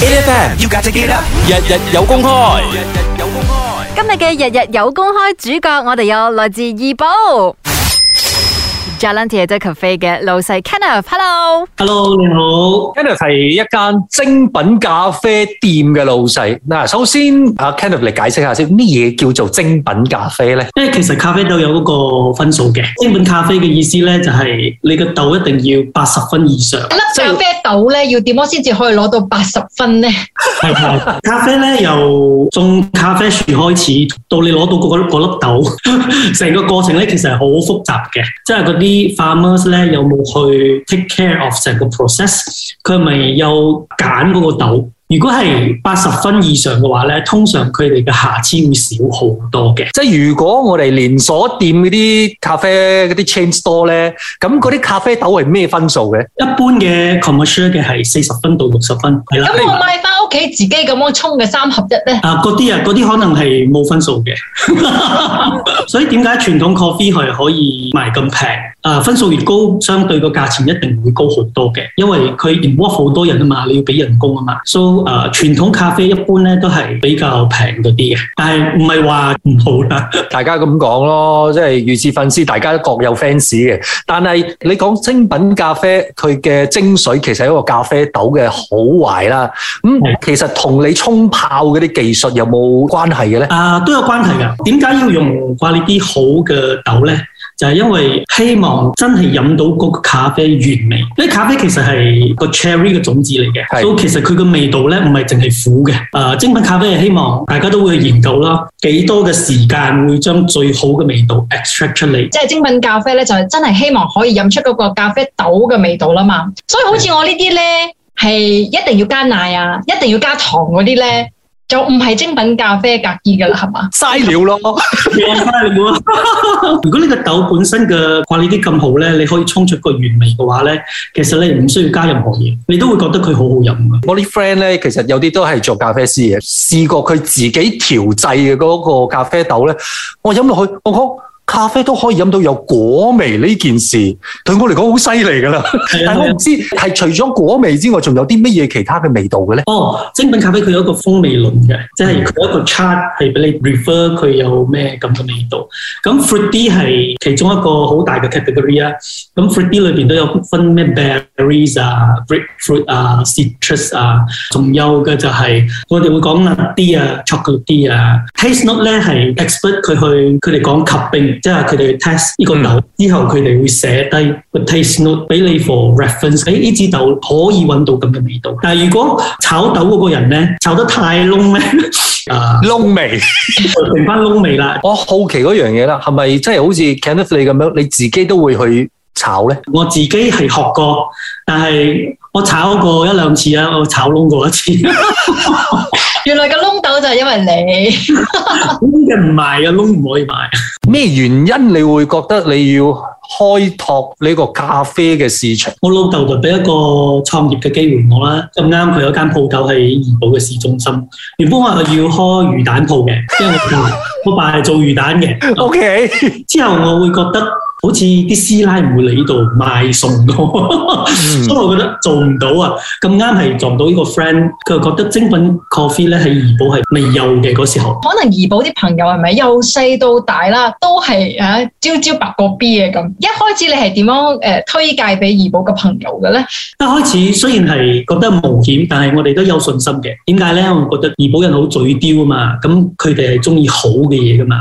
Japan, you gotta get up 日日有公開，今日嘅日日有公開主角，我哋有來自二寶。Jalantier Cafe 嘅老細 Kenneth，Hello，Hello，你好。Kenneth 係一間精品咖啡店嘅老細。嗱，首先阿 Kenneth 嚟解釋下先，咩嘢叫做精品咖啡咧？因為其實咖啡豆有嗰個分數嘅，精品咖啡嘅意思咧就係你個豆一定要八十分以上。粒咖啡豆咧要點樣先至可以攞到八十分咧？係咖啡咧，由種咖啡樹開始，到你攞到嗰粒豆，成個過程咧其實係好複雜嘅。即係嗰啲 farmers 咧，有冇去 take care of 成個 process？佢係咪有揀嗰個豆？如果係八十分以上嘅話咧，通常佢哋嘅瑕疵會少好多嘅。即係如果我哋連鎖店嗰啲咖啡嗰啲 chain store 咧，咁嗰啲咖啡豆係咩分數嘅？一般嘅 commercial 嘅係四十分到六十分。係啦。咁我買翻屋企自己咁樣沖嘅三合一咧？啊，嗰啲啊，嗰啲可能係冇分數嘅。 所以點解傳統 coffee 係可以賣咁平？啊、呃，分數越高，相對個價錢一定會高好多嘅，因為佢研磨好多人啊嘛，你要俾人工啊嘛。So，啊、呃，傳統咖啡一般咧都係比較平嗰啲嘅，但係唔係話唔好啦。大家咁講咯，即係如是粉絲，大家都各有 fans 嘅。但係你講精品咖啡，佢嘅精髓其實係一個咖啡豆嘅好壞啦。咁、嗯、的其實同你沖泡嗰啲技術有冇關係嘅咧？啊、呃，都有關係㗎。點解要用掛呢啲好嘅豆咧？就係因為希望真係飲到嗰個咖啡原味，呢咖啡其實係個 cherry 嘅種子嚟嘅，是所以其實佢嘅味道咧唔係淨係苦嘅。誒、呃，精品咖啡係希望大家都會去研究啦，幾多嘅時間會將最好嘅味道 extract 出嚟。即係精品咖啡咧，就係、是、真係希望可以飲出嗰個咖啡豆嘅味道啦嘛。所以好似我呢啲咧，係是一定要加奶啊，一定要加糖嗰啲咧。就唔係精品咖啡格啲噶啦，係嘛？嘥料咯，嘥 如果呢個豆本身嘅話呢啲咁好咧，你可以沖出個原味嘅話咧，其實你唔需要加任何嘢，你都會覺得佢好好飲嘅。我啲 friend 咧，其實有啲都係做咖啡師嘅，試過佢自己調製嘅嗰個咖啡豆咧，我飲落去，我、嗯、講。嗯咖啡都可以飲到有果味呢件事，對我嚟講好犀利㗎啦！ 但係我唔知係除咗果味之外，仲有啲乜嘢其他嘅味道嘅咧？哦，精品咖啡佢有一個風味輪嘅，即係佢一個 chart 係俾你 refer 佢有咩咁嘅味道。咁 fruit 啲係其中一個好大嘅 category 啊。咁 fruit 啲裏邊都有分咩 berries 啊、bread fruit 啊、citrus 啊，仲有嘅就係、是、我哋會講辣啲啊、chocolate 啲啊。taste note 咧係 expert 佢去佢哋講 c 冰。即係佢哋 test 呢個豆，之後佢哋會寫低，taste note 俾你 for reference，欸。誒呢支豆可以揾到咁嘅味道。但係如果炒豆嗰個人咧，炒得太燶咧，燶味， 成翻燶味啦。 我好奇嗰樣嘢啦，係咪真係好似 Kenneth 你咁樣，你自己都會去？炒咧，我自己係學過，但係我炒過一兩次啊，我炒窿過一次。 原來個窿豆就係因為你，啲嘢唔賣啊，窿唔可以賣。咩原因你會覺得你要開拓呢個咖啡嘅市場？市場我老豆就俾一個創業嘅機會我啦，咁啱佢有間鋪頭喺怡保嘅市中心。原本我係要開魚蛋鋪嘅，因為我爸係做魚蛋嘅。OK， 之後我會覺得。好似啲師奶唔會嚟呢度買餸，所以我覺得做唔到啊！咁啱係撞到呢個 friend，佢又覺得精品 coffee 咧喺怡寶係未有嘅嗰時候。可能怡寶啲朋友係咪由細到大啦，都係誒、啊、朝朝白個 B 啊咁？一開始你係點樣誒推介俾怡寶嘅朋友嘅咧？一開始雖然係覺得冒險，但係我哋都有信心嘅。點解咧？我覺得怡寶人好嘴刁啊嘛，咁佢哋係鍾意好嘅嘢㗎嘛。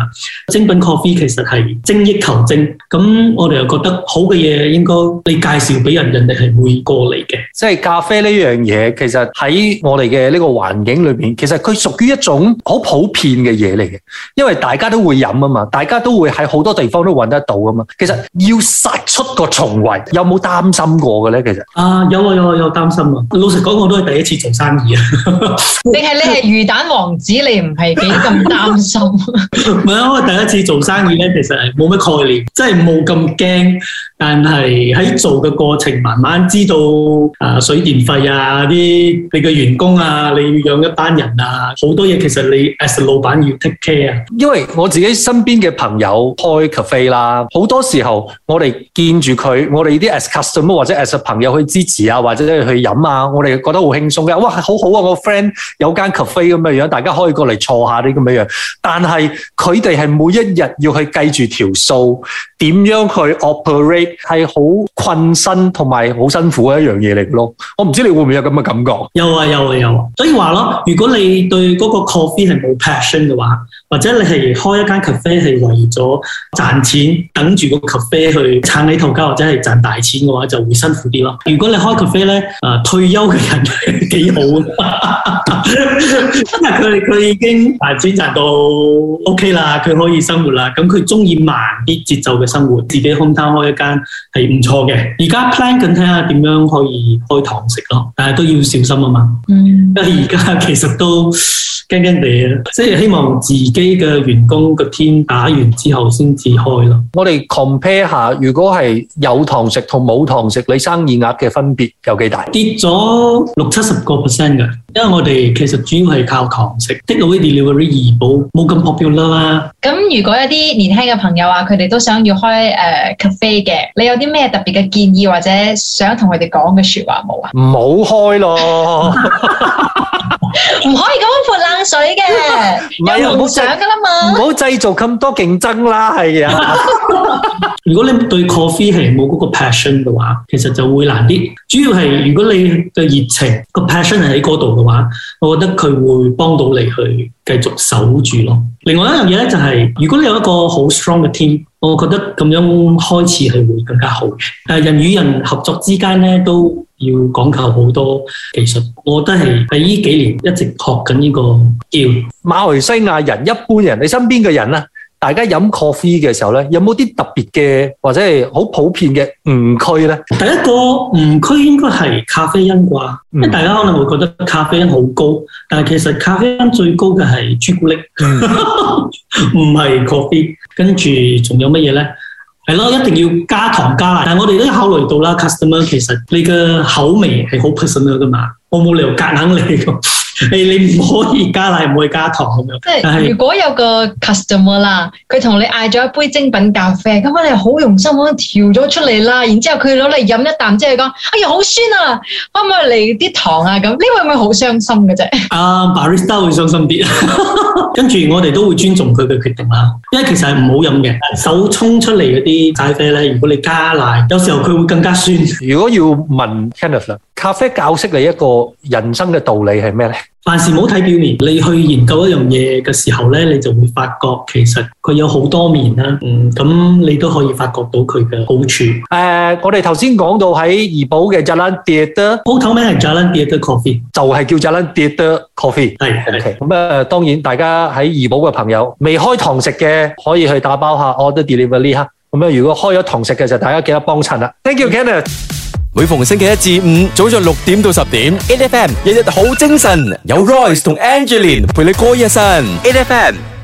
精品 coffee 其實係精益求精咁。嗯，我哋又覺得好嘅嘢，應該你介紹俾人，人哋係會過嚟嘅。即係咖啡呢樣嘢，其實喺我哋嘅呢個環境裏面，其實佢屬於一種好普遍嘅嘢嚟嘅，因為大家都會飲啊嘛，大家都會喺好多地方都揾得到啊嘛。其實要殺出個重圍，有冇擔心過嘅咧？其實有啊，有啊有啊有擔心啊！老實講，我都係第一次做生意啊。 你係你係魚蛋王子，你唔係幾咁擔心？唔係啊，我第一次做生意咧，其實係冇乜概念，即係冇咁驚。但係喺做嘅過程，慢慢知道啊水電費啊啲，你嘅員工啊，你要養一班人啊，好多嘢其實你 as 老板要 take care 啊。因為我自己身邊嘅朋友開 cafe 啦，好多時候我哋見住佢，我哋啲 as customer 或者 as 朋友去支持啊，或者去飲啊，我哋覺得好輕鬆嘅，哇好好啊，我 friend 有間 cafe 咁嘅樣，大家可以過嚟坐下啲咁嘅樣，但係佢哋係每一日要去計住條數，點樣去 operate。係好困身同埋好辛苦嘅一樣嘢嚟嘅咯，我唔知你會唔會有咁嘅感覺？有啊，有啊，有啊，所以話咯，如果你對嗰個 coffee 係冇 passion 嘅話。或者你係開一間 cafe 係為咗賺錢，等住個 cafe 去撐你套家，或者係賺大錢嘅話，就會辛苦啲咯。如果你開 cafe 咧、呃，啊退休嘅人幾好，因為佢佢已經賺錢賺到 OK 啦，佢可以生活啦。咁佢中意慢啲節奏嘅生活，自己 hometown 開一間係唔錯嘅。而家 plan 緊睇下點樣可以開堂食咯，但係都要小心啊嘛。嗯，因為而家其實都驚驚地，即係希望自己。嘅員工個天打完之後先至開咯。我哋 compare 下，如果係有堂食同冇堂食，你生意額嘅分別有幾大？跌咗六七十個 percent 嘅，因為我哋其實主要係靠堂食。The way delivery 二保冇咁 popular 啦。咁如果一啲年輕嘅朋友啊，佢哋都想要開誒 cafe 嘅，你有啲咩特別嘅建議或者想同佢哋講嘅説話冇啊？唔好開咯，唔可以。水嘅，唔係啊，冇好上噶啦嘛，唔好製造咁多競爭啦，係啊。 如果你對 coffee 係冇嗰個 passion 嘅話，其實就會難啲。主要係如果你嘅熱情個 passion 係喺嗰度嘅話，我覺得佢會幫到你去繼續守住咯。另外一樣嘢咧就係、是，如果你有一個好 strong 嘅 team，我覺得咁樣開始係會更加好嘅。但係人與人合作之間咧，都要講求好多技術。我覺得係喺呢幾年一直學緊呢個叫馬來西亞人一般人，你身邊嘅人啦。大家飲 coffee 嘅時候咧，有冇啲特別嘅或者係好普遍嘅誤區咧？第一個誤區應該係咖啡因啩，因、嗯、大家可能會覺得咖啡因好高，但係其實咖啡因最高嘅係朱古力，唔係 coffee。跟住仲有乜嘢咧？係咯，一定要加糖加辣。但係我哋都考慮到啦，customer 其實你嘅口味係好 personal 㗎嘛，我冇理由夾硬嚟嘅。你你唔可以加奶，唔可以加糖咁樣。即係，如果有個 customer 啦，佢同你嗌咗一杯精品咖啡，咁我哋好用心咁調咗出嚟啦，然之後佢攞嚟飲一啖，即係講，哎呀好酸啊，可唔可以嚟啲糖啊？咁呢會唔會好傷心嘅啫？啊，Barista 會傷心啲，跟住我哋都會尊重佢嘅決定啦。因為其實係唔好飲嘅，手沖出嚟嗰啲咖啡咧，如果你加奶，有時候佢會更加酸。如果要問 Kenneth，咖啡教識你一個人生嘅道理係咩咧？凡事冇睇表面，你去研究一樣嘢嘅時候咧，你就會發覺其實佢有好多面啦。嗯，咁你都可以發覺到佢嘅好處。誒，我哋頭先講到喺怡保嘅 Jalan Dieter，鋪頭名係 Jalan Dieter Coffee，就係叫 Jalan Dieter Coffee。係，OK。咁誒，當然大家喺怡保嘅朋友未開堂食嘅，可以去打包下 order delivery 哈。咁樣如果開咗堂食嘅就大家記得幫襯啦。Thank you，Kenneth。每逢星期一至五，早上六點到十點，FM 日日好精神，有 Royce 同 Angelina 陪你過一晨，FM。